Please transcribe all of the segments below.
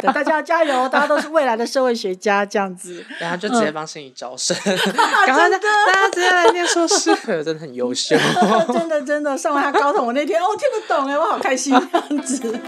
大家要加油！大家都是未來的社會學家，這樣子。然後、啊嗯、就直接幫新宇招生，啊、趕快真的，大家直接來念碩士， 真的很優秀。 真的，真的，上完他高通，我那天 哦，聽不懂誒我好開心，這樣子。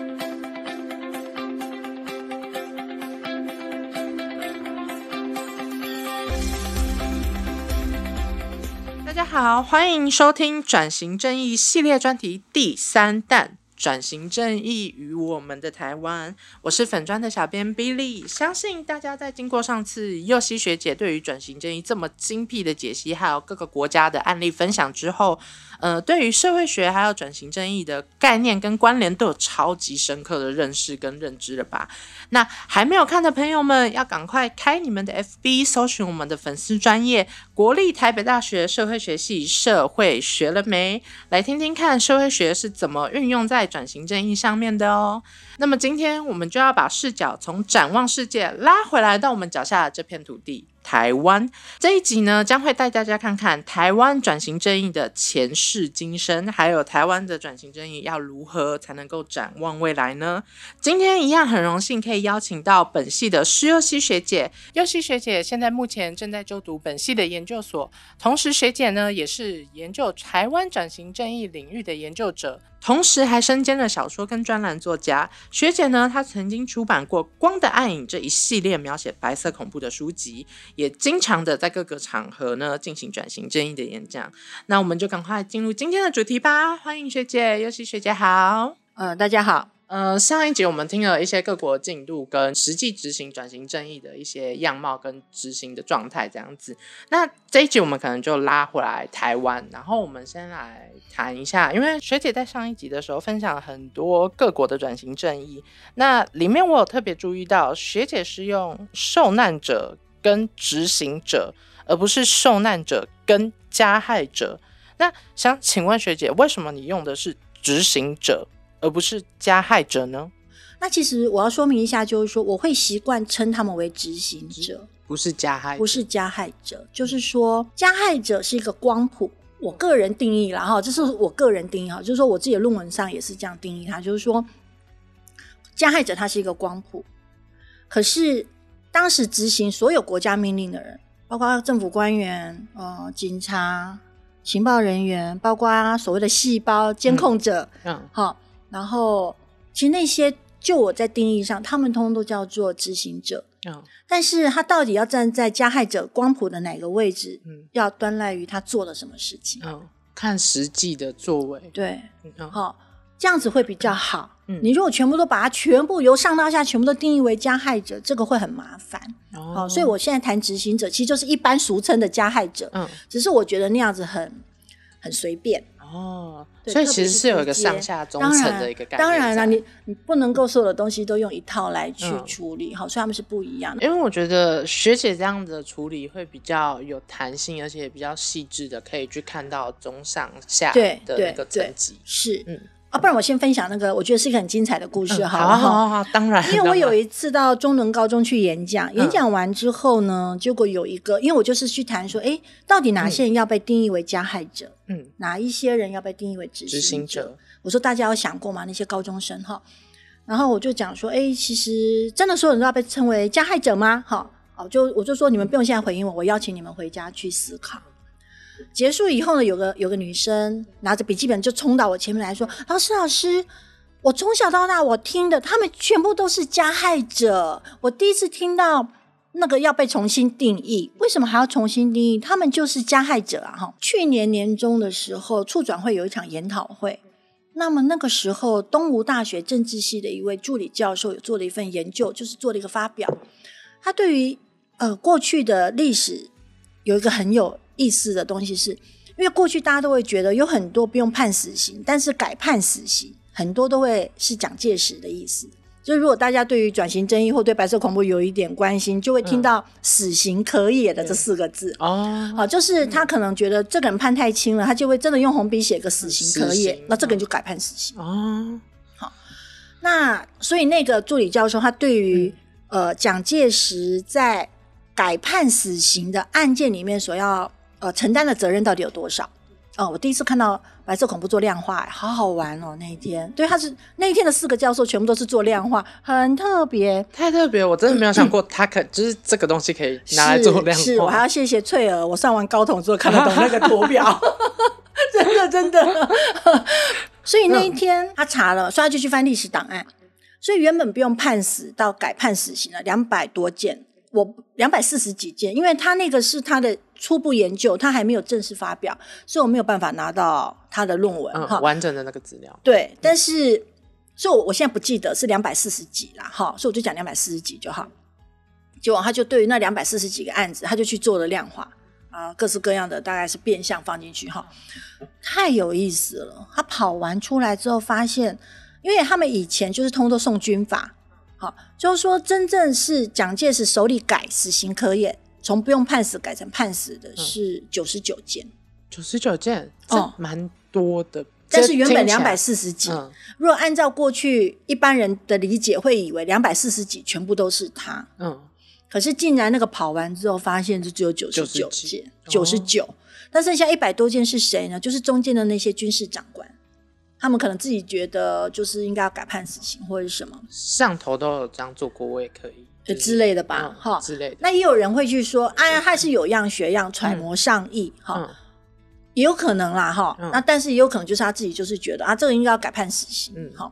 啊、大家好，歡迎收聽轉型正義系列專題第三彈。轉型正義與我們的台灣，我是粉專的小編 Billy。相信大家在經過上次又熙學姐對於轉型正義這麼精闢的解析，還有各個國家的案例分享之後。呃，對於社會學還有轉型正義的概念跟關聯，都有超級深刻的認識跟認知了吧？那還沒有看的朋友們，要趕快開你們的 FB，搜尋我們的粉絲專頁國立台北大學社會學系，社會學了沒？來聽聽看社會學是怎麼運用在轉型正義上面的哦。那麼今天我們就要把視角從展望世界拉回來到我們腳下的這片土地。台灣。這一集呢，將會帶大家看看台灣轉型正義的前世今生，還有台灣的轉型正義要如何才能夠展望未來呢？今天一樣很榮幸可以邀請到本系的施又熙學姐。又熙學姐現在目前正在就讀本系的研究所，同時學姐呢也是研究台灣轉型正義領域的研究者，同時還身兼了小說跟專欄作家。學姐呢，她曾經出版過《光的暗影》這一系列描寫白色恐怖的書籍。也經常的在各個場合呢進行轉型正義的演講。那我們就趕快進入今天的主題吧。歡迎學姐，又熙學姐好。嗯、呃，大家好。呃，上一集我們聽了一些各國進度跟實際執行轉型正義的一些樣貌跟執行的狀態，這樣子。那這一集我們可能就拉回來台灣，然後我們先來談一下，因為學姐在上一集的時候分享了很多各國的轉型正義，那裡面我有特別注意到，學姐是用受難者。跟執行者，而不是受難者跟加害者。那想請問學姐，為什麼你用的是執行者，而不是加害者呢？那其實我要說明一下，就是說我會習慣稱他們為執行者，不是加害，不是加害者。就是說加害者是一個光譜，我個人定義了哈，這是我個人定義哈，就是說我自己的論文上也是這樣定義它，就是說加害者它是一個光譜，可是。當時執行所有國家命令的人，包括政府官員、呃警察、情報人員，包括所謂的細胞監控者，嗯，好嗯，然後其實那些就我在定義上，他們通通都叫做執行者，嗯，但是他到底要站在加害者光譜的哪個位置，嗯，要端賴於他做了什麼事情，嗯，看實際的作為，對，好。這樣子會比較好。嗯，你如果全部都把它，全部由上到下全部都定義為加害者，這個會很麻煩。哦，哦，所以我現在談執行者，其實就是一般俗稱的加害者。嗯，只是我覺得那樣子很很隨便。哦，對，所以其實是有一個上下中層的一個概念。當然，當然了，你你不能夠所有的東西都用一套來去處理。好，嗯，哦，所以他們是不一樣的。因為我覺得學姐這樣子的處理會比較有彈性，而且也比較細緻的，可以去看到中上下的一個層級。對，對，對。是，嗯。啊，不然我先分享那個，我覺得是一個很精彩的故事哈、嗯。好、啊，好、啊，好、啊，當然。因為我有一次到中崙高中去演講，然演講完之後呢，結果有一個，因為我就是去談說，誒、欸，到底哪些人要被定義為加害者？嗯，哪一些人要被定義為執行者？嗯，執行者。我說大家有想過嗎？那些高中生哈，然後我就講說，誒、欸，其實真的所有人都要被稱為加害者嗎？哈，好，就我就說你們不用現在回應我，我邀請你們回家去思考。結束以後呢，有個有個女生拿着筆記本就衝到我前面來說：“老師，老師，我從小到大我聽的他們全部都是加害者，我第一次聽到那個要被重新定義，為什麼還要重新定義？他們就是加害者啊！”哈，去年年終的時候，促轉會有一場研討會，那麼那個時候，東吳大學政治系的一位助理教授有做了一份研究，就是做了一個發表，他對於呃過去的歷史有一個很有。意思的東西是，因為過去大家都會覺得有很多不用判死刑，但是改判死刑很多都會是蔣介石的意思。就如果大家對於轉型正義或對白色恐怖有一點關心，就會聽到“死刑可也”的這四個字。哦、嗯，好、啊，就是他可能覺得這個人判太輕了，他就會真的用紅筆寫個“死刑可也”，刑那這個人就改判死刑。哦、嗯，好，那所以那個助理教授他對於、嗯、呃蔣介石在改判死刑的案件裡面所要。呃，承擔的責任到底有多少？哦、呃，我第一次看到白色恐怖做量化、欸，好好玩哦、喔！那一天，對，他是那一天的四個教授全部都是做量化，很特別，太特別，我真的沒有想過他可、嗯、就是這個東西可以拿來做量化是。是，我還要謝謝翠兒，我上完高統之後看得懂那個圖表 真，真的真的。 所以那一天他查了，所以他就去翻歷史檔案，所以原本不用判死，到改判死刑了，兩百多件，我兩百四十幾件，因為他那個是他的。初步研究，他還沒有正式發表，所以我沒有辦法拿到他的論文、嗯、哈完整的那個資料。對，嗯、但是，所以我，我現在不記得是兩百四十幾啦。哈，所以我就講兩百四十幾就好。結果他就對於那兩百四十幾個案子，他就去做了量化啊，各式各樣的，大概是變相放進去哈，嗯、太有意思了。他跑完出來之後，發現，因為他們以前就是通通送軍法，就是說真正是蔣介石手裡改死刑科刑。從不用判死改成判死的是九十九件，九十九件，哦，蠻多的。嗯、是但是原本兩百四十幾，嗯、如果按照過去一般人的理解，會以為兩百四十幾全部都是他。嗯，可是竟然那個跑完之後，發現就只有九十九件，九十九。那剩下一百多件是誰呢？就是中間的那些軍事長官，他們可能自己覺得就是應該要改判死刑或者是什麼。上頭都有這樣做過，我也可以。之類的吧，哈、嗯，齁那也有人會去說，哎呀、啊，他是有樣學樣，揣摩上意，哈，也有可能啦，哈，嗯、那但是也有可能就是他自己就是覺得、嗯、啊，這個應該要改判死刑，嗯，哈。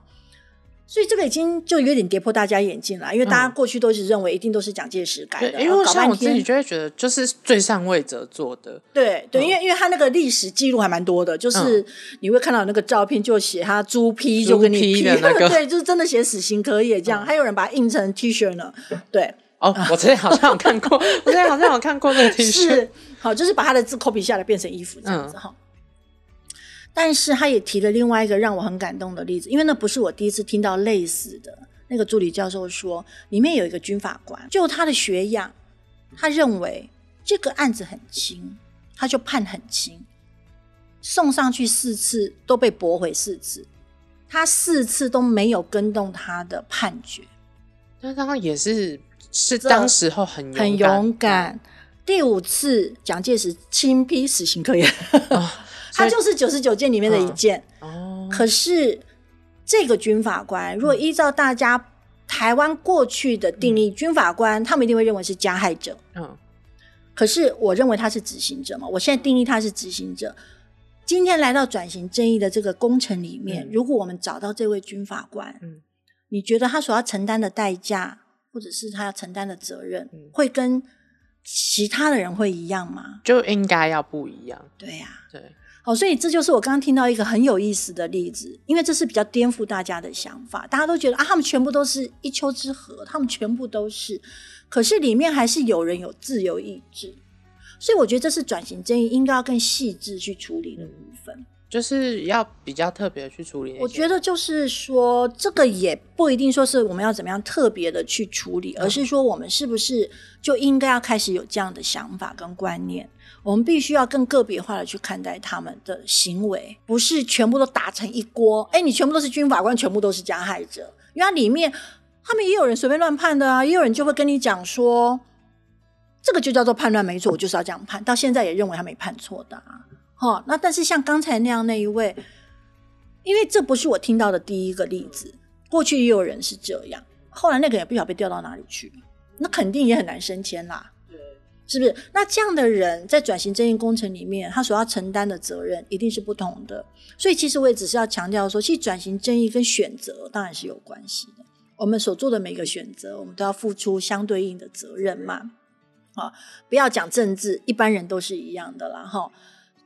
所以這個已經就有點跌破大家眼鏡了，因為大家過去都一直認為一定都是蔣介石改的。嗯、因為像我自己就會覺得，就是最上位者做的。嗯、對對，因為、嗯、因為他那個歷史記錄還蠻多的，就是你會看到那個照片，就寫他朱批，就跟你批，朱批那個、對，就是真的寫死刑可以這樣。嗯、還有人把它印成 T 恤呢。對，哦，嗯、我之前好像有看過， 我之前好像有看過那個 T 恤。好，就是把他的字 copy 下來變成衣服這樣子哈。嗯但是他也提了另外一個讓我很感動的例子，因為那不是我第一次聽到類似的。那個助理教授說，裡面有一個軍法官，就他的學養，他認為這個案子很輕，他就判很輕，送上去四次都被駁回四次，他四次都沒有跟動他的判決。那他也是是當時候很勇很勇敢。嗯、第五次，蔣介石親批死刑可以。哦。他就是九十九件裡面的一件。哦、可是這個軍法官，如果依照大家台灣過去的定義，嗯、軍法官他們一定會認為是加害者。嗯、可是我認為他是執行者嘛。我現在定義他是執行者。嗯、今天來到轉型正義的這個工程裡面，嗯、如果我們找到這位軍法官，嗯、你覺得他所要承擔的代價，或者是他要承擔的責任，嗯、會跟其他的人會一樣嗎？就應該要不一樣。對呀、啊，對。哦，所以這就是我剛剛聽到一個很有意思的例子，因為這是比較顛覆大家的想法。大家都覺得啊，他們全部都是一丘之貉，他們全部都是，可是裡面還是有人有自由意志。所以我覺得這是轉型正義應該要更細致去處理那部分。嗯就是要比較特別的去處理。我覺得就是說，這個也不一定說是我們要怎麼樣特別的去處理，而是說我們是不是就應該要開始有這樣的想法跟觀念，我們必須要更個別化的去看待他們的行為，不是全部都打成一鍋。哎、欸，你全部都是軍法官，全部都是加害者，因為它裡面他們也有人隨便亂判的啊，也有人就會跟你講說，這個就叫做叛亂沒錯，我就是要這樣判，到現在也認為他沒判錯的啊。哦，那但是像剛才那樣那一位，因為這不是我聽到的第一個例子，過去也有人是這樣，後來那個也不曉得被調到哪裡去了，那肯定也很難升遷啦，對，是不是？那這樣的人在轉型正義工程裡面，他所要承擔的責任一定是不同的，所以其實我也只是要強調說，其實轉型正義跟選擇當然是有關係的，我們所做的每一個選擇，我們都要付出相對應的責任嘛，啊、哦，不要講政治，一般人都是一樣的啦，哈、哦。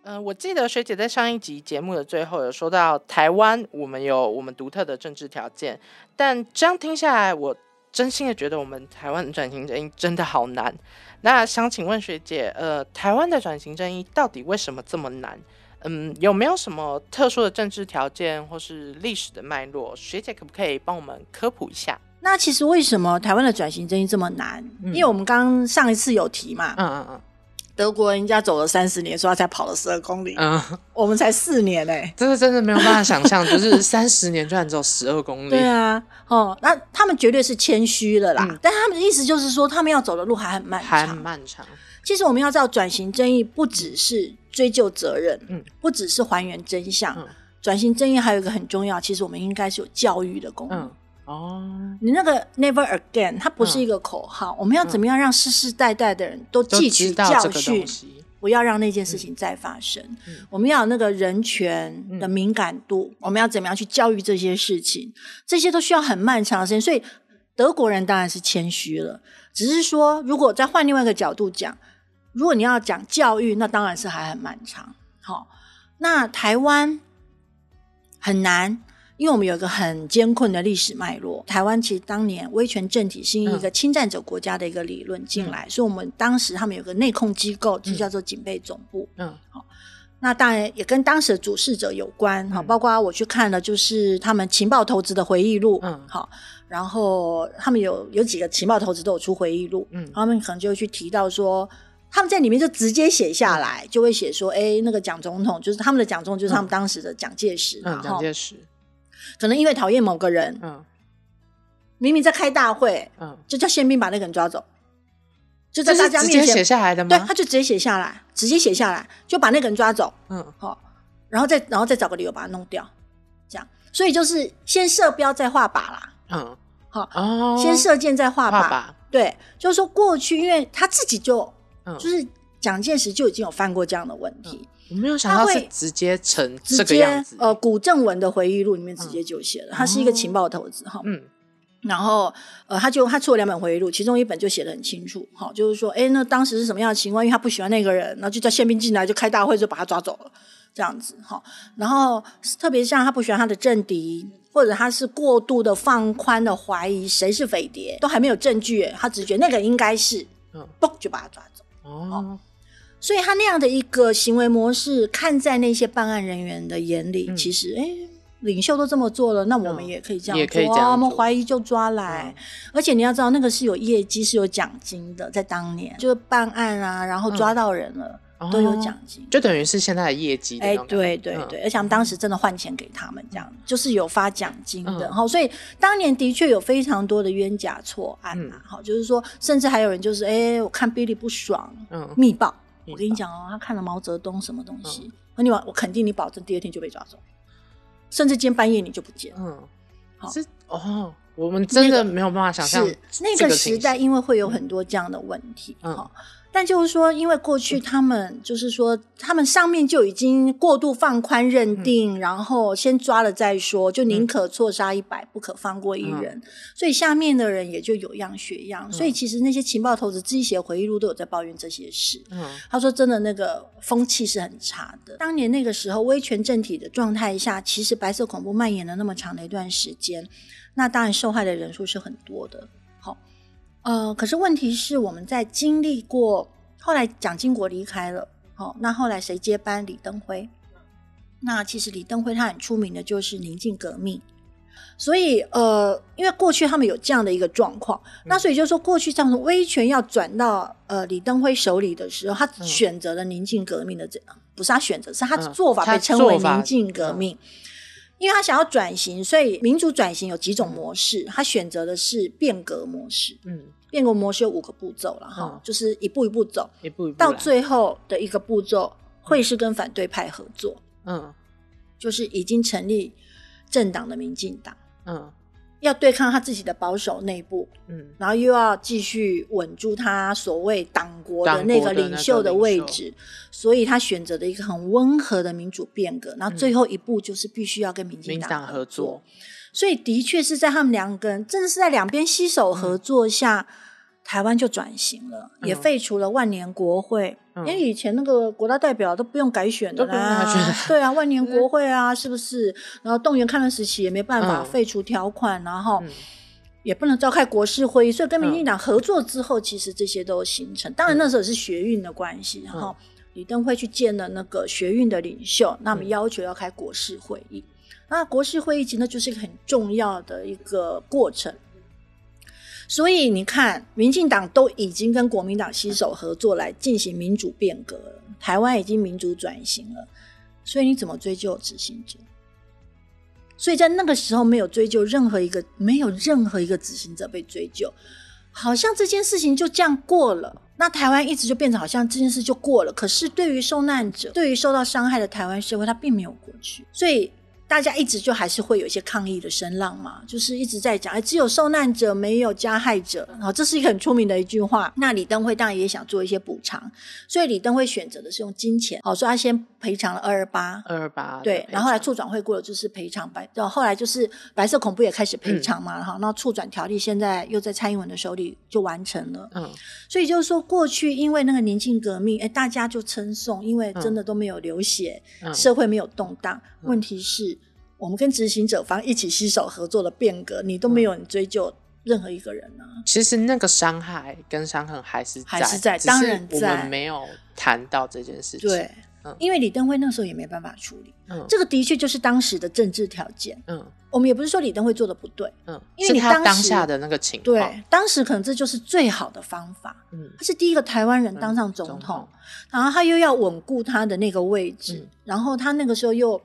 嗯、呃，我記得學姐在上一集節目的最後有說到台灣，我們有我們獨特的政治條件，但這樣聽下來，我真心的覺得我們台灣的轉型正義真的好難。那想請問學姐，呃，台灣的轉型正義到底為什麼這麼難？嗯，有沒有什麼特殊的政治條件或是歷史的脈絡？學姐可不可以幫我們科普一下？那其實為什麼台灣的轉型正義這麼難？嗯、因為我們剛剛上一次有提嘛，嗯嗯嗯。德國人家走了三十年，說他才跑了十二公里。嗯，我們才四年呢。欸，真的真的沒有辦法想象， 就是三十年居然只有十二公里。對啊，哦，那他們絕對是謙虛了啦。嗯、但他們的意思就是說，他們要走的路還很漫長，還很漫長。其實我們要知道，轉型正義不只是追究責任，嗯，不只是還原真相，嗯、轉型正義還有一個很重要，其實我們應該是有教育的功能。嗯。哦，oh, 你那個 never again，它不是一個口號。嗯、我們要怎麼樣讓世世代代的人都汲取教訓，不要讓那件事情再發生？嗯嗯、我們要有那個人權的敏感度，嗯、我們要怎麼樣去教育這些事情？這些都需要很漫長的時間。所以德國人當然是謙虛了，只是說，如果再換另外一個角度講，如果你要講教育，那當然是還很漫長。好，那台灣很難。因為我們有一個很艱困的歷史脈絡，台灣其實當年威權政體是一個侵占者國家的一個理論進來，嗯、所以我們當時他們有個內控機構就、嗯、叫做警備總部。嗯，好、哦，那當然也跟當時的主事者有關哈，嗯、包括我去看了就是他們情報投資的回憶錄，嗯，好、哦，然後他們有有幾個情報投資都有出回憶錄，嗯，然後他們可能就會去提到說他們在裡面就直接寫下來，就會寫說，哎，那個蔣總統就是他們的蔣總統就是他們當時的蔣介石、嗯然後嗯、蔣介石。可能因為討厭某個人，嗯，明明在開大會，嗯，就叫憲兵把那個人抓走，就在大家面前寫下來的嗎？對，他就直接寫下來，直接寫下來，就把那個人抓走，嗯，好，然後再然後再找個理由把他弄掉，這樣，所以就是先射標再畫靶啦，嗯，好齁，哦、先射箭再畫靶，靶對，就是說，過去，因為他自己就、嗯、就是蔣介石就已經有犯過這樣的問題。嗯我沒有想到是直接成這個樣子直接。呃，古正文的回憶錄裡面直接就寫了，嗯、他是一個情報頭子哈。嗯，齁嗯，然後呃，他就他出了兩本回憶錄，其中一本就寫的很清楚哈，就是說，哎、欸，那當時是什麼樣的情況？因為他不喜歡那個人，然後就叫憲兵進來就開大會，就把他抓走了這樣子哈。然後特別像他不喜歡他的政敵，或者他是過度的放寬的懷疑誰是匪諜，都還沒有證據，他直覺得那個應該是，嘣、嗯、就把他抓走哦。嗯所以他那樣的一個行為模式，看在那些辦案人員的眼裡，嗯、其實，哎、欸，領袖都這麼做了，那我們也可以這樣做。我、嗯、們懷疑就抓來，嗯、而且你要知道，那個是有業績、是有獎金的，在當年就是、辦案啊，然後抓到人了、嗯、都有獎金、哦，就等於是現在的業績。哎、欸，對對對，嗯、而且我們當時真的換錢給他們這樣，就是有發獎金的。好、嗯，所以當年的確有非常多的冤假錯案嘛、啊。好、嗯，就是說，甚至還有人就是，哎、欸，我看 Billy 不爽，嗯，密報。我跟你講哦，他看了毛澤東什麼東西，那你、嗯、我肯定你保證第二天就被抓走，甚至今天半夜你就不見了。嗯，好哦，我們真的沒有辦法想象、那個、那個時代，因為會有很多這樣的問題。嗯。嗯但就是說，因為過去他們就是說，他們上面就已經過度放寬認定，嗯、然後先抓了再說，就寧可錯殺一百，不可放過一人，嗯、所以下面的人也就有樣學樣。嗯、所以其實那些情報頭子自己寫回憶錄都有在抱怨這些事。嗯、他說：“真的，那個風氣是很差的。當年那個時候威權政體的狀態下，其實白色恐怖蔓延了那麼長的一段時間，那當然受害的人數是很多的。”好。呃，可是問題是我們在經歷過後來蔣經國離開了，好、哦，那後來誰接班？李登輝。那其實李登輝他很出名的，就是寧靜革命。所以，呃，因為過去他們有這樣的一個狀況，那所以就是說過去這樣的威權要轉到呃李登輝手裡的時候，他選擇了寧靜革命的這，嗯、不是他選擇，是他的做法被稱為寧靜革命。嗯因為他想要轉型，所以民主轉型有幾種模式，他選擇的是變革模式。嗯，變革模式有五個步驟了哈，就是一步一步走，一步、嗯、到最後的一個步驟會是跟反對派合作。嗯，就是已經成立政黨的民進黨。嗯。要對抗他自己的保守內部，嗯、然後又要繼續穩住他所謂黨國的那個領袖的位置，所以他選擇的一個很溫和的民主變革。然後最後一步就是必須要跟民進黨合作，嗯、合作。所以的確是在他們兩個人，正是在兩邊攜手合作下。嗯台灣就轉型了，也廢除了萬年國會，因為以前那個國大代表都不用改選的啦，對啊，萬年國會啊，是不是？然後動員戡亂時期也沒辦法廢除條款，然後也不能召開國事會議，所以跟民進黨合作之後，其實這些都形成。當然那時候是學運的關係，然後李登輝去見了那個學運的領袖，那麼要求要開國事會議，那國事會議其實，就是一個很重要的一個過程。所以你看，民進黨都已經跟國民黨攜手合作來進行民主變革了，台灣已經民主轉型了。所以你怎麼追究執行者？所以在那個時候沒有追究任何一個，沒有任何一個執行者被追究，好像這件事情就這樣過了。那台灣一直就變成好像這件事就過了。可是對於受難者，對於受到傷害的台灣社會，它並沒有過去。所以……大家一直就還是會有一些抗議的聲浪嘛，就是一直在講，哎、欸，只有受難者沒有加害者，然後這是一個很出名的一句話。那李登輝當然也想做一些補償，所以李登輝選擇的是用金錢，好，所以他先賠償了二二八，二二八，對，然後，後來促轉會過了就是賠償白，然後後來就是白色恐怖也開始賠償嘛，嗯，然後那促轉條例現在又在蔡英文的手裡就完成了，嗯，所以就是說過去因為那個寧靜革命，哎、欸，大家就稱頌，因為真的都沒有流血，嗯，社會沒有動盪，問題是。我們跟執行者方一起攜手合作的變革，你都沒有追究任何一個人呢？其實那個傷害跟傷痕還是在，當然在，我們沒有談到這件事情。對，因為李登輝那時候也沒辦法處理。嗯，這個的確就是當時的政治條件。嗯，我們也不是說李登輝做的不對。嗯，因為他當下的那個情況，對，當時可能這就是最好的方法。嗯，他是第一個台灣人當上總統，然後他又要穩固他的那個位置，然後他那個時候又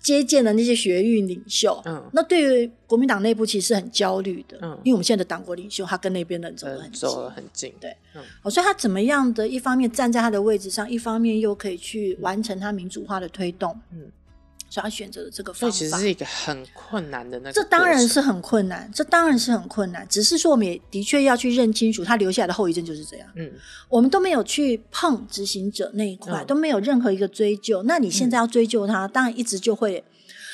接見的那些學運領袖，嗯、那對於國民黨內部其實是很焦慮的，嗯、因為我們現在的黨國領袖，他跟那邊的人走得很近，走得很近，對、嗯，所以他怎麼樣的一方面站在他的位置上，一方面又可以去完成他民主化的推動，嗯所以，他選擇的這個方法，所以其實是一個很困難的，那這當然是很困難，這當然是很困難。只是說，我們也的確要去認清楚他留下來的後遺症就是這樣。嗯，我們都沒有去碰執行者那一塊，都沒有任何一個追究。那你現在要追究他，當然一直就會，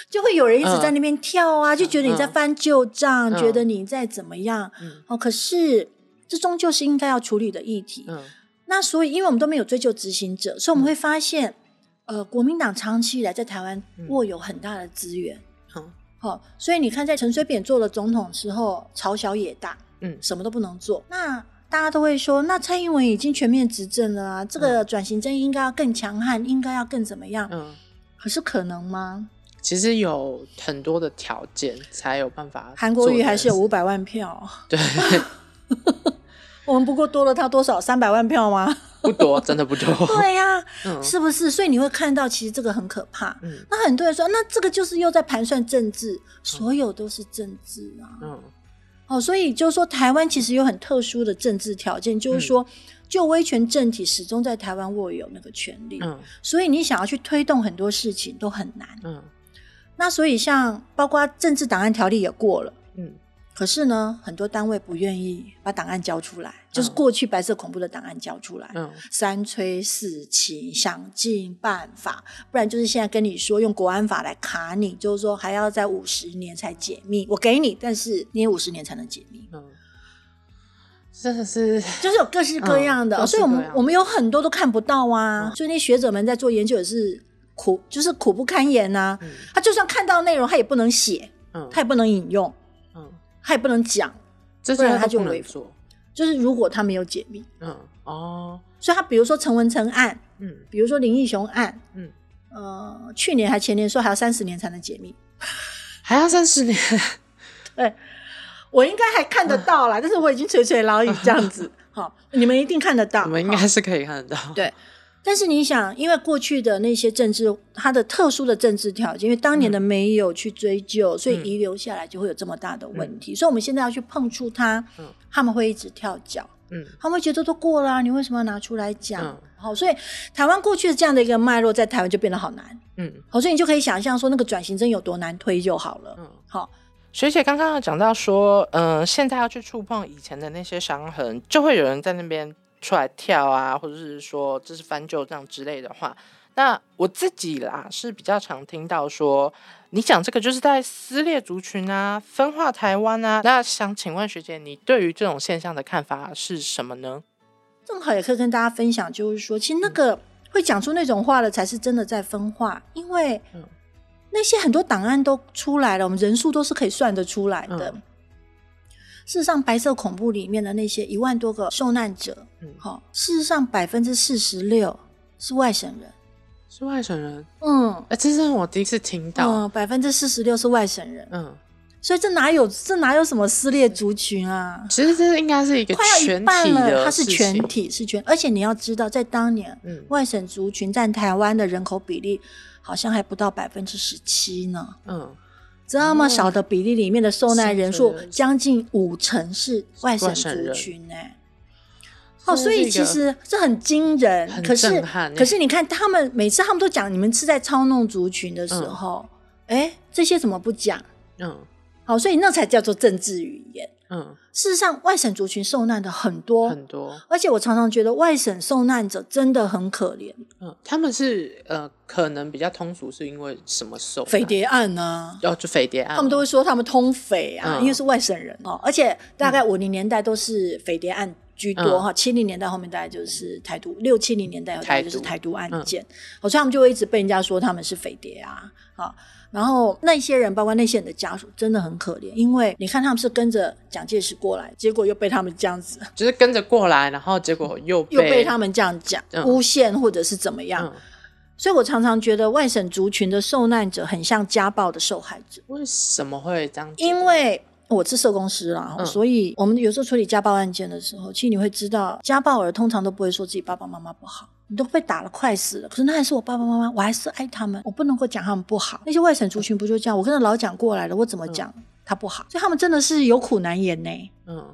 就會有人一直在那邊跳啊，就覺得你在翻舊賬，覺得你在怎麼樣。嗯。哦，可是這終究是應該要處理的議題。嗯。那所以，因為我們都沒有追究執行者，所以我們會發現。呃，國民黨長期以來在台灣握有很大的資源，嗯哦，所以你看，在陳水扁做了總統之後，朝小野大，嗯，什麼都不能做。那大家都會說，那蔡英文已經全面執政了啊，這個轉型正義應該要更強悍，應該要更怎麼樣？嗯，可是可能嗎？其實有很多的條件才有辦法。韓國瑜還是有五百萬票，對，對，對。 我們不過多了他多少三百萬票嗎？不多，真的不多。 對呀、啊，嗯、是不是？所以你會看到，其實這個很可怕。嗯、那很多人說，那這個就是又在盤算政治，嗯、所有都是政治啊。嗯。好、哦，所以就是說，台灣其實有很特殊的政治條件，就是說，嗯、就威權政體始終在台灣握有那個權力。嗯。所以你想要去推動很多事情都很難。嗯。那所以像包括政治檔案條例也過了。嗯。可是呢，很多單位不願意把檔案交出來，嗯、就是過去白色恐怖的檔案交出來。嗯，三催四請想盡辦法，不然就是現在跟你說用國安法來卡你，就是說還要再五十年才解密，我給你，但是你五十年才能解密。嗯，真的是，就是有各式各樣的，嗯就是、這樣的，所以我們我們有很多都看不到啊。嗯、所以那些學者們在做研究也是苦，就是苦不堪言吶、啊。嗯、他就算看到內容，他也不能寫，嗯、他也不能引用。他也不能講，這時候他就沒能說。做就是如果他沒有解密，嗯，哦，所以他比如說陳文成案，嗯，比如說林義雄案，嗯，呃，去年還前年說還要三十年才能解密，還要三十年。對，我應該還看得到啦，嗯、但是我已經垂垂老矣，這樣子。嗯、好，你們一定看得到，我們應該是可以看得到。對。但是你想，因為過去的那些政治，它的特殊的政治條件，因為當年的沒有去追究，嗯、所以遺留下來就會有這麼大的問題。嗯、所以我們現在要去碰觸它，嗯、他們會一直跳腳，嗯，他們會覺得都過了，啊，你為什麼要拿出來講？然後，嗯、所以台灣過去的這樣的一個脈絡，在台灣就變得好難，嗯，好，所以你就可以想象說，那個轉型正義有多難推就好了。嗯、好，學姐剛剛有講到說，嗯、呃，現在要去觸碰以前的那些傷痕，就會有人在那邊出來跳啊，或者是說這是翻舊賬之類的話，那我自己啦是比較常聽到說你講這個就是在撕裂族群啊、分化台灣啊。那想請問學姐，你對於這種現象的看法是什麼呢？正好也可以跟大家分享，就是說，其實那個會講出那種話的，才是真的在分化，因為那些很多檔案都出來了，我們人數都是可以算得出來的。嗯。事實上，白色恐怖裡面的那些一萬多個受難者，嗯、哦，事實上百分之四十六是外省人，是外省人，嗯，哎、欸，這是我第一次聽到，百分之四十六是外省人，嗯，所以這哪有這哪有什麼撕裂族群啊？其實這是應該是一個全體的快要一半了，它是全體是全，而且你要知道，在當年，嗯，外省族群占台灣的人口比例好像還不到百分之十七呢，嗯。這麼少的比例裡面的受難人數將近五成是外省族群呢、欸，好、哦，所以其實這很驚人。可是，你 可是你看他們每次他們都講你們是在操弄族群的時候，哎、嗯欸，這些怎麼不講？嗯，好、哦，所以那才叫做政治語言。嗯，事實上，外省族群受難的很多很多，而且我常常覺得外省受難者真的很可憐。嗯，他們是呃，可能比較通俗是因為什麼受匪諜案呢、啊？哦、就匪諜案、啊，他們都會說他們通匪啊，嗯、因為是外省人哦。而且大概五零年代都是匪諜案居多哈，七零、嗯嗯、年代後面大概就是台獨，六七零年代有台獨就是台獨案件，嗯、所以他們就會一直被人家說他們是匪諜啊，啊、哦。然後那些人，包括那些人的家屬，真的很可憐。因為你看，他們是跟着蔣介石過來，結果又被他們這樣子，就是跟着過來，然後結果又被又被他們這樣講、嗯、誣陷，或者是怎麼樣。嗯、所以我常常覺得外省族群的受難者很像家暴的受害者。為什麼會這樣？因為我是社工師啦，嗯、然後所以我們有時候處理家暴案件的時候，嗯、其實你會知道，家暴兒通常都不會說自己爸爸媽媽不好。你都被打了，快死了。可是那還是我爸爸媽媽，我還是愛他們，我不能夠講他們不好。那些外省族群不就這樣？我跟著老蔣過來了，我怎麼講他不好？嗯、所以他們真的是有苦難言呢。嗯，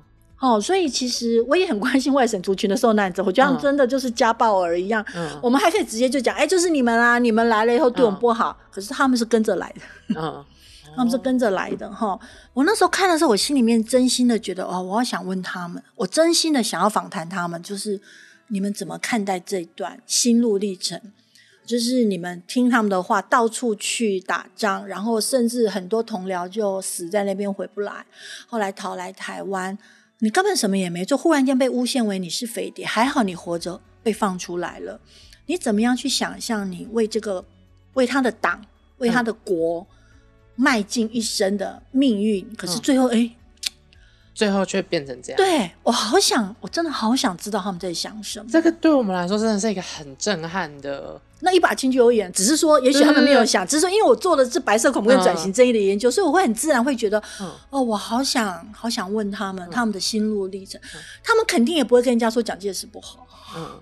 哦，所以其實我也很關心外省族群的受難者，我就像真的就是家暴兒一樣。嗯、我們還可以直接就講，哎、欸，就是你們啦、啊，你們來了以後對我們不好。嗯、可是他們是跟着來的，嗯，他們是跟着來的哈。嗯、我那時候看的時候，我心裡面真心的覺得，哦，我要想問他們，我真心的想要訪談他們，就是。你們怎麼看待這一段心路歷程？就是你們聽他們的話，到處去打仗，然後甚至很多同僚就死在那邊回不來，後來逃來台灣，你根本什麼也沒做，忽然間被誣陷為你是匪諜，還好你活着被放出來了。你怎麼樣去想象你為這個、為他的黨、為他的國、嗯、邁進一生的命運？可是最後，哎、嗯。誒最後卻變成這樣，對我好想，我真的好想知道他們在想什麼。這個對我們來說真的是一個很震撼的。那一把青就有演，只是說，也許他們沒有想，只是說，因為我做的是白色恐怖跟轉型正義的研究，所以我會很自然會覺得，哦，我好想好想問他們，他們的心路歷程。他們肯定也不會跟人家說蔣介石不好，嗯，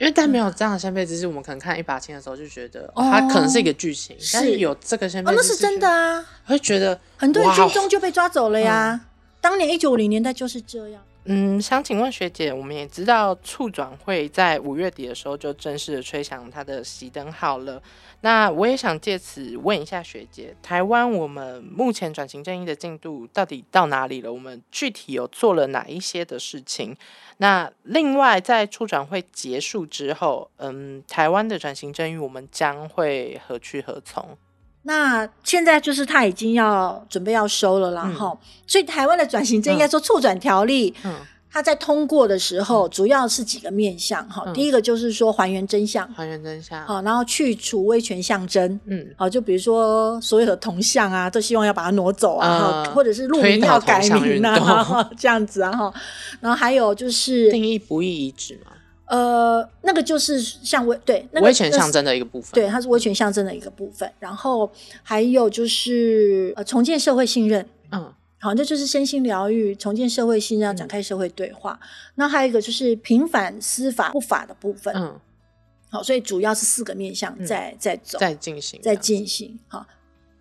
因為但沒有這樣的先備知識。我們可能看一把青的時候就覺得，哦，他可能是一個劇情，但是有這個先備知識，我們是真的啊。會覺得很多人軍中就被抓走了呀。當年一九五零年代就是這樣。嗯，想請問學姐，我們也知道促轉會在五月底的時候就正式的吹響它的熄燈號了。那我也想借此問一下學姐，台灣我們目前轉型正義的進度到底到哪裡了？我們具體有做了哪一些的事情？那另外在促轉會結束之後，嗯，台灣的轉型正義我們將會何去何從？那現在就是他已經要準備要收了啦，後、嗯，所以台灣的轉型，這應該說促轉條例，他、嗯嗯、在通過的時候主要是幾個面向哈，嗯、第一個就是說還原真相，還原真相哈，然後去除威權象徵，嗯，好，就比如說所有的銅像啊，都希望要把它挪走啊，嗯、或者是路名要改名啊，這樣子啊哈，然後還有就是定義不義遺址嘛。呃，那個就是像威對那個威權象徵的一個部分，對，它是威權象徵的一個部分。嗯、然後還有就是、呃、重建社會信任，嗯，好，那就是身心療癒，重建社會信任，展開社會對話。那、嗯、還有一個就是平反司法不法的部分，嗯，好，所以主要是四個面向、嗯、在在走，進在進行，在進行，好。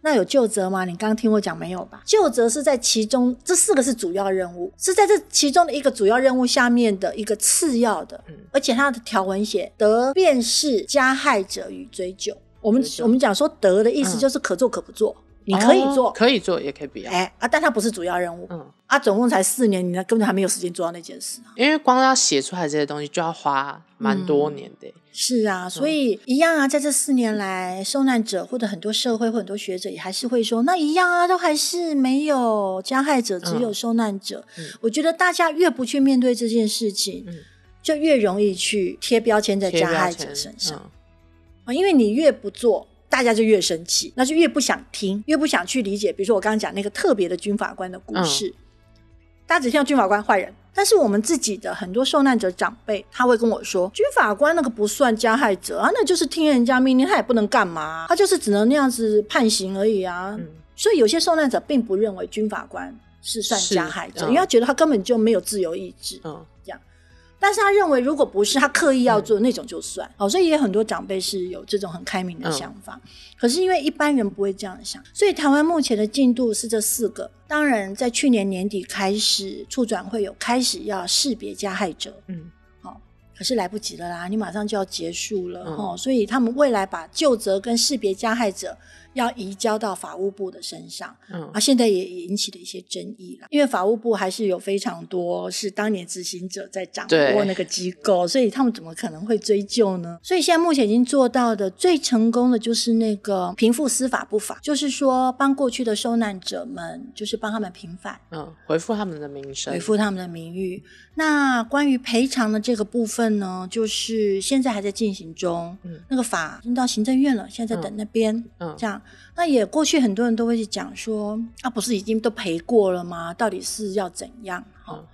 那有究責嗎？你剛剛聽我講沒有吧？究責，是在其中，這四個是主要任務，是在這其中的一個主要任務下面的一個次要的，嗯、而且它的條文寫得辨識，加害者與追究。追究我們我們講說，得的意思就是可做可不做。嗯你可以做、哦，可以做，也可以不要。哎、欸、啊，但它不是主要任務。嗯、啊，總共才四年，你根本還沒有時間做到那件事、啊。因為光要寫出來這些東西，就要花蠻多年的、欸、嗯。是啊，所以、嗯、一樣啊，在這四年來，受難者或者很多社會或者很多學者也還是會說，那一樣啊，都還是沒有加害者，只有受難者。嗯、我覺得大家越不去面對這件事情，嗯、就越容易去貼標籤在加害者身上啊，嗯、因為你越不做。大家就越生氣，那就越不想聽，越不想去理解。比如說我剛剛講那個特別的軍法官的故事，嗯、大家只聽到軍法官壞人，但是我們自己的很多受難者長輩，他會跟我說，軍法官那個不算加害者啊，那就是聽人家命令，他也不能幹嘛、啊，他就是只能那樣子判刑而已啊。嗯、所以有些受難者並不認為軍法官是算加害者，嗯、因為他覺得他根本就沒有自由意志。嗯但是他認為，如果不是他刻意要做那種就算，嗯、哦，所以也有很多長輩是有這種很開明的想法。嗯、可是因為一般人不會這樣想，所以台灣目前的進度是這四個。當然，在去年年底開始促轉會，有開始要識別加害者，嗯、哦，可是來不及了啦，你馬上就要結束了，嗯、哦。所以他們未來把究責跟識別加害者。要移交到法務部的身上，嗯，而、啊、現在也引起了一些爭議啦，因為法務部還是有非常多是當年執行者在掌握那個機構，對所以他們怎麼可能會追究呢？所以現在目前已經做到的最成功的，就是那個平復司法不法，就是說幫過去的受難者們，就是幫他們平反，嗯，回復他們的名聲，回復他們的名譽。那關於賠償的這個部分呢，就是現在還在進行中，嗯，那個法已經到行政院了，現在在等那邊，嗯，這樣。那也過去很多人都會講說，啊，不是已經都賠過了嗎？到底是要怎樣？哈、嗯，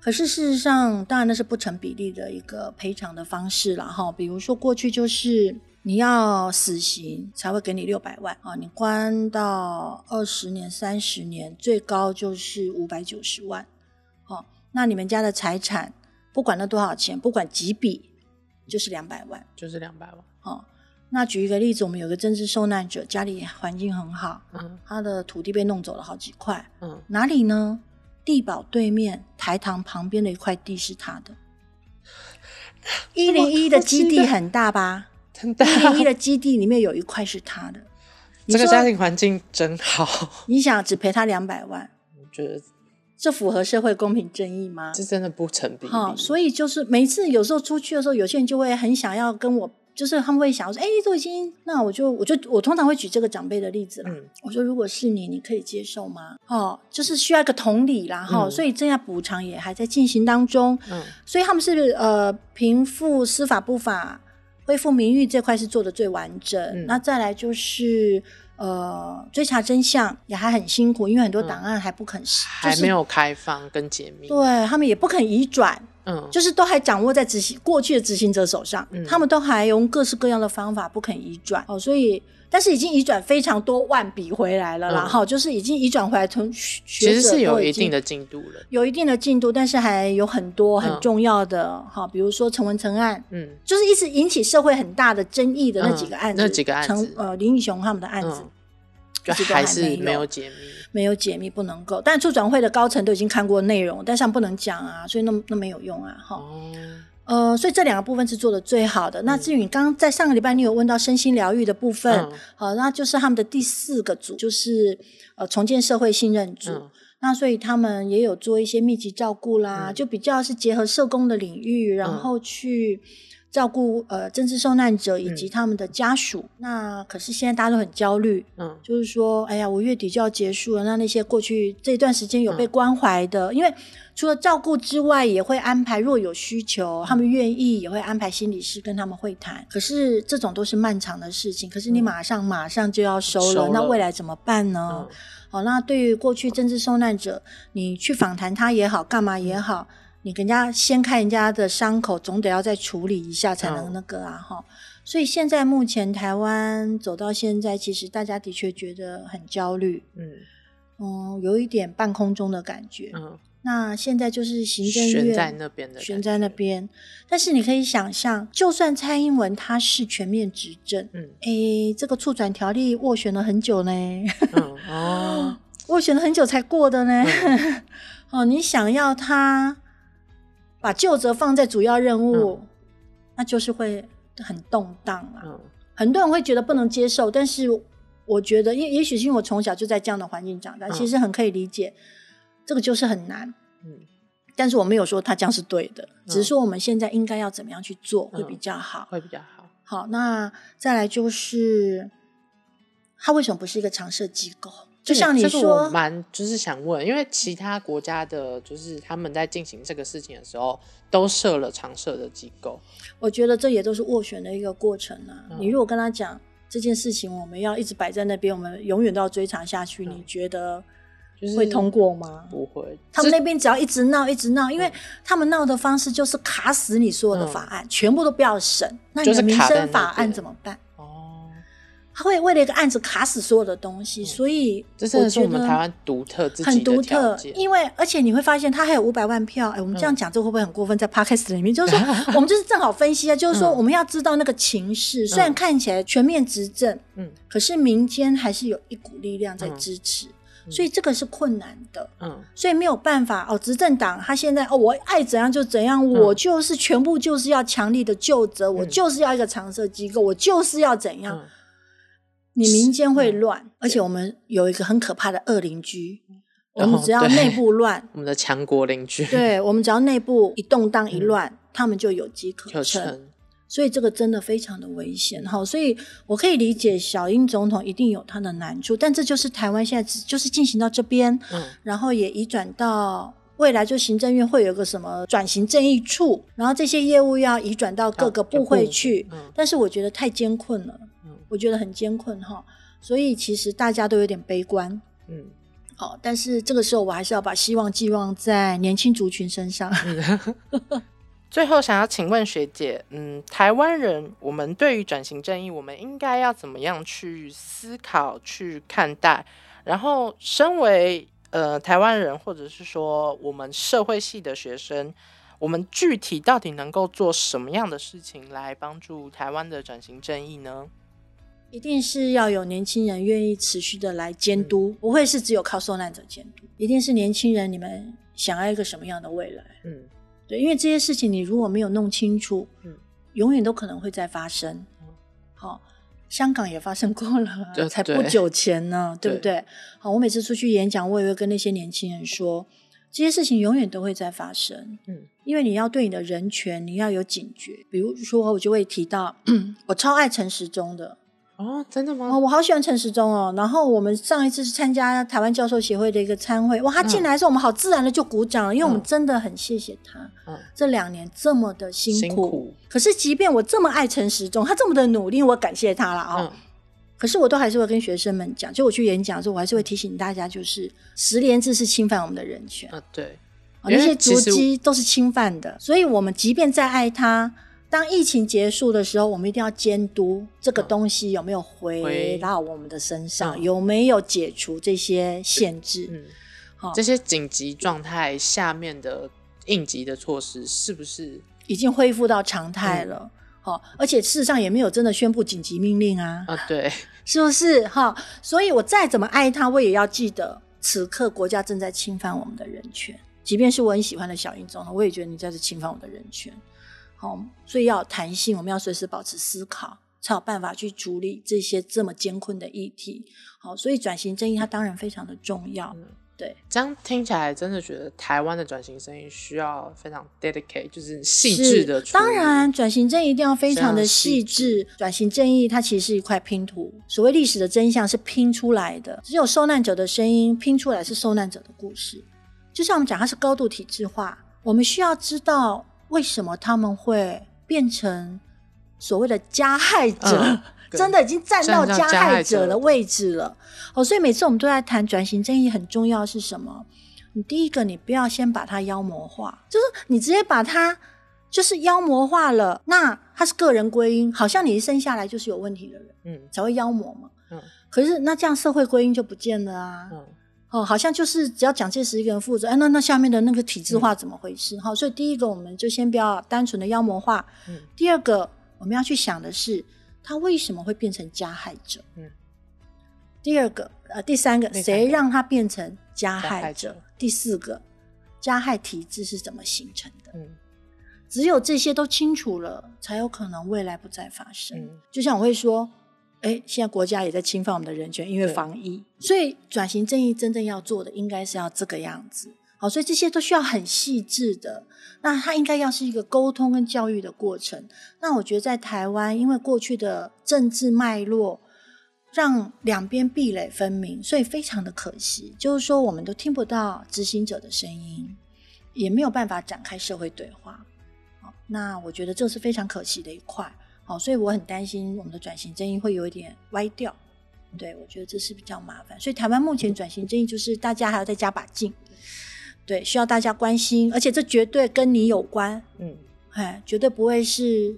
可是事實上，當然那是不成比例的一個賠償的方式了哈。比如說，過去就是你要死刑才會給你六百萬啊，你關到二十年、三十年，最高就是五百九十萬，哦、啊。那你們家的財產不管那多少錢，不管幾筆，就是兩百萬，就是兩百萬，哦、啊。那舉一個例子，我們有個政治受難者，家裡環境很好，嗯、他的土地被弄走了好幾塊，嗯、哪裡呢？地堡對面台塘旁邊的一塊地是他的，一零一的基地很大吧？一零一的基地裡面有一塊是他的，這個家庭環境真好。你想只賠他兩百萬，我覺得這符合社會公平正義嗎？這真的不成比例。好，所以就是每次有時候出去的時候，有些人就會很想要跟我。就是他們會想我說：“哎、欸，都已經，那我就，我就，我通常會舉這個長輩的例子了。嗯、我說，如果是你，你可以接受嗎？哦，就是需要一個同理啦，齁、嗯。所以這樣補償也還在進行當中。嗯，所以他們是呃平復司法不法、恢復名譽這塊是做得最完整。嗯、那再來就是呃追查真相也還很辛苦，因為很多檔案還不肯，嗯就是、還沒有開放跟解密，對他們也不肯移轉。”嗯，就是都還掌握在執行過去的執行者手上，嗯、他們都還用各式各樣的方法不肯移轉、嗯、哦，所以但是已經移轉非常多萬筆回來了啦，哈、嗯哦，就是已經移轉回來從學，學者，其實是有一定的進度了，有一定的進度，但是還有很多很重要的哈、嗯哦，比如說陳文成案，嗯，就是一直引起社會很大的爭議的那幾個案子，嗯、那幾個案子，呃，林義雄他們的案子。嗯就還是沒有解密，沒有解密不能夠，但促轉會的高層都已經看過內容，但是他們不能講啊，所以那麼那沒有用啊，哈。哦、呃，所以這兩個部分是做的最好的。嗯、那至於你剛剛在上個禮拜你有問到身心療癒的部分，好、嗯呃，那就是他們的第四個組，就是呃重建社會信任組，嗯、那所以他們也有做一些密集照顧啦，嗯、就比較是結合社工的領域，然後去。嗯照顧呃政治受難者以及他們的家屬，嗯、那可是現在大家都很焦慮，嗯，就是說，哎呀，五月底就要結束了，那那些過去這一段時間有被關懷的，嗯、因為除了照顧之外，也會安排若有需求，嗯、他們願意也會安排心理師跟他們會談。可是這種都是漫長的事情，可是你馬上、嗯、馬上就要收了，了那未來怎麼辦呢？嗯、好，那對於過去政治受難者，你去訪談他也好，幹嘛也好。嗯你跟人家先看人家的傷口，總得要再處理一下才能那個啊哈。Oh. 所以現在目前台灣走到現在，其實大家的確覺得很焦慮，嗯、mm. 嗯，有一點半空中的感覺。嗯，oh. 那現在就是行政院懸在那邊的，懸在那邊。但是你可以想象，就算蔡英文她是全面執政，嗯，誒，這個促轉條例斡旋了很久呢，哦，oh. 斡旋了很久才過的呢。Oh. 哦，你想要她。把究責放在主要任務，嗯、那就是會很動盪啊。嗯、很多人會覺得不能接受，但是我覺得，也也許是因為我從小就在這樣的環境長大，嗯、其實很可以理解。這個就是很難。嗯，但是我沒有說他這樣是對的，嗯、只是說我們現在應該要怎麼樣去做會比較好，會比較好。嗯、較好,好，那再來就是，他為什麼不是一個常設機構？就像你說，我蠻就是想問，因為其他國家的，就是他們在進行這個事情的時候，都設了常設的機構。我覺得這也都是斡旋的一個過程啊。嗯、你如果跟他講這件事情，我們要一直擺在那邊，我們永遠都要追查下去，嗯、你覺得就是會通過嗎？不會。他們那邊只要一直鬧，一直鬧，這因為他們鬧的方式就是卡死你所有的法案，嗯、全部都不要審。那你的民生法案怎麼辦？他會為了一個案子卡死所有的東西，所以這是我們台灣獨特自己的條件，很獨特，因為而且你會發現他還有五百萬票。哎，我們這樣講，這會不會很過分？在 podcast 裡面，就是說我們就是正好分析一下，就是說我們要知道那個情勢，雖然看起來全面執政，可是民間還是有一股力量在支持，所以這個是困難的，所以沒有辦法哦。執政黨他現在哦，我愛怎樣就怎樣，我就是全部就是要強力的究責，我就是要一個常設機構，我就是要怎樣。你民間會亂，嗯、而且我們有一個很可怕的惡鄰居，對我們只要內部亂，我們的強國鄰居，對，我們只要內部一動盪一亂，嗯、他們就有機可乘，可乘所以這個真的非常的危險齁。所以我可以理解小英總統一定有他的難處，但這就是台灣現在就是進行到這邊，嗯、然後也移轉到未來就行政院，會有一個什麼轉型正義處，然後這些業務要移轉到各個部會去，啊，嗯、但是我覺得太艱困了。我覺得很艱困哈，所以其實大家都有點悲觀，嗯，好，但是這個時候我還是要把希望寄望在年輕族群身上。嗯、 最後，想要請問學姐，嗯，台灣人，我們對於轉型正義，我們應該要怎麼樣去思考、去看待？然後，身為呃台灣人，或者是說我們社會系的學生，我們具體到底能夠做什麼樣的事情來幫助台灣的轉型正義呢？一定是要有年輕人願意持續的來監督，嗯、不會是只有靠受難者監督。一定是年輕人，你們想要一個什麼樣的未來？嗯，對，因為這些事情你如果沒有弄清楚，嗯，永遠都可能會再發生。嗯、好，香港也發生過了，就才不久前呢，對,對不對？好，我每次出去演講，我也會跟那些年輕人說，嗯、這些事情永遠都會再發生。嗯，因為你要對你的人權，你要有警覺。比如說，我就會提到，嗯、我超愛陳時中的。哦，真的嗎？我好喜歡陳時中哦。然後我們上一次是參加台灣教授協會的一個參會，哇，他進來的時候我們好自然的就鼓掌了，嗯、因為我們真的很謝謝他，嗯、這兩年這麼的辛苦。嗯、辛苦。可是即便我這麼愛陳時中，他這麼的努力，我感謝他了啊、哦。嗯、可是我都還是會跟學生們講，就我去演講的時候，我還是會提醒大家，就是實聯制是侵犯我們的人權，啊、對，哦、來那些足跡都是侵犯的，所以我們即便再愛他。當疫情結束的時候，我們一定要監督這個東西有沒有回到我們的身上，嗯、有沒有解除這些限制，好、嗯，嗯哦、這些緊急狀態下面的應急的措施是不是已經恢復到常態了？好、嗯哦，而且事實上也沒有真的宣布緊急命令啊，啊對，是不是、哦？所以我再怎麼愛他，我也要記得，此刻國家正在侵犯我們的人權，即便是我很喜歡的小英總統，我也覺得你在這侵犯我的人權。哦、所以要有彈性，我們要隨時保持思考，才有辦法去處理這些這麼艱困的議題。好、哦，所以轉型正義它當然非常的重要。嗯、對，這樣聽起來真的覺得台灣的轉型正義需要非常 dedicate，就是細緻的。當然，轉型正義一定要非常的細緻。轉型正義它其實是一塊拼圖，所謂歷史的真相是拼出來的，只有受難者的聲音拼出來是受難者的故事。就像我們講，它是高度體制化，我們需要知道，為什麼他們會變成所謂的加害者？啊、真的已經站到加害者的位置了。啊、站到加害者了，所以每次我們都在談轉型正義，很重要是什麼？你第一個，你不要先把他妖魔化，就是你直接把他就是妖魔化了。那他是個人歸因，好像你一生下來就是有問題的人，嗯、才會妖魔嘛，嗯、可是那這樣社會歸因就不見了啊。嗯哦，好像就是只要蔣介石一個人負責，哎，那那下面的那個體制化怎麼回事？嗯、好，所以第一個，我們就先不要單純的妖魔化。嗯、第二個，我們要去想的是，他為什麼會變成加害者？嗯、第二個，呃，第三個，誰讓他變成加害者？加害者、第四個，加害體制是怎麼形成的？嗯、只有這些都清楚了，才有可能未來不再發生。嗯、就像我會說。誒，現在國家也在侵犯我們的人權，因為防疫，對所以轉型正義真正要做的，應該是要這個樣子。好，所以這些都需要很細緻的。那它應該要是一個溝通跟教育的過程。那我覺得在台灣，因為過去的政治脈絡讓兩邊壁壘分明，所以非常的可惜。就是說，我們都聽不到執行者的聲音，也沒有辦法展開社會對話。好，那我覺得這是非常可惜的一塊。好、哦，所以我很擔心我們的轉型正義會有一點歪掉，對我覺得這是比較麻煩。所以台灣目前轉型正義，就是大家還要再加把勁，對，需要大家關心，而且這絕對跟你有關，嗯，哎，絕對不會是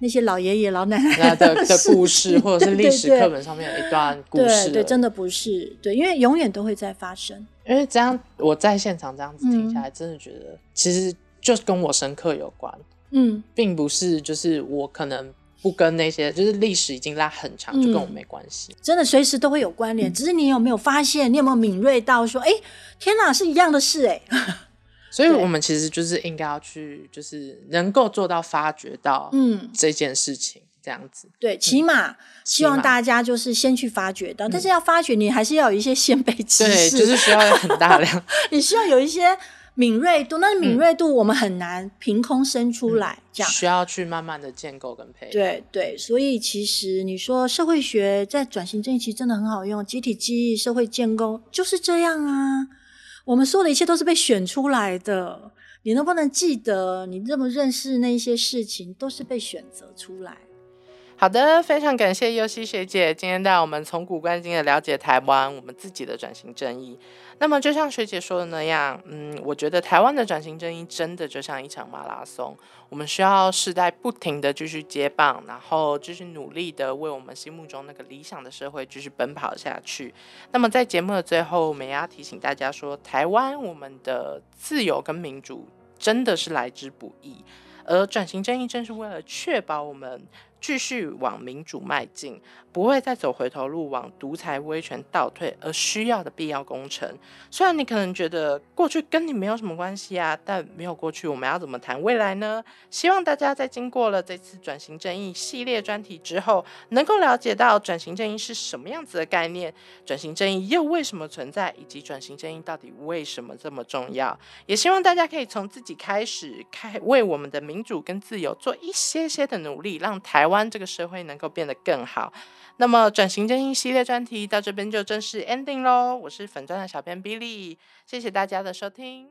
那些老爺爺老奶奶的、的、的故事，或者是歷史課本上面有一段故事對對對對對對、對，真的不是，對，因為永遠都會再發生。因為這樣我在現場這樣子聽下來，嗯，真的覺得其實就跟我深刻有關，嗯，並不是就是我可能。不跟那些，就是歷史已經拉很長，嗯、就跟我沒關係。真的隨時都會有關聯，嗯、只是你有沒有發現，你有沒有敏銳到說，哎、欸，天哪、啊，是一樣的事，哎、欸。 所以我們其實就是應該要去，就是能夠做到發掘到，嗯，這件事情、嗯、這樣子。對，起碼、嗯、希望大家就是先去發掘到，起碼。但是要發掘，你還是要有一些先輩知識。對，就是需要有很大量， 你需要有一些。敏銳度，那敏銳度我們很難憑空生出來，嗯、這樣需要去慢慢的建構跟培養。對對，所以其實你說社會學在轉型正義真的很好用，集體記憶、社會建構就是這樣啊。我們說的一切都是被選出來的，你能不能記得你認不認識，那些事情都是被選擇出來的？好的，非常感謝又熙學姐今天帶我們從古觀今的了解台灣我們自己的轉型正義。那麼就像學姐說的那樣，嗯，我覺得台灣的轉型正義真的就像一場馬拉松，我們需要世代不停的繼續接棒，然後繼續努力的為我們心目中那個理想的社會繼續奔跑下去。那麼在節目的最後，我們也要提醒大家說，台灣我們的自由跟民主真的是來之不易，而轉型正義正是為了確保我們。繼續往民主邁進，不會再走回頭路，往獨裁威權倒退，而需要的必要工程。雖然你可能覺得過去跟你沒有什麼關係啊，但沒有過去，我們要怎麼談未來呢？希望大家在經過了這次轉型正義系列專題之後，能夠了解到轉型正義是什麼樣子的概念，轉型正義又為什麼存在，以及轉型正義到底為什麼這麼重要。也希望大家可以從自己開始，開為我們的民主跟自由做一些些的努力，讓台灣。這個社會能夠變得更好。那麼，轉型正義系列專題到這邊就正式 ending 嘍。我是粉專的小編 Billy，謝謝大家的收聽。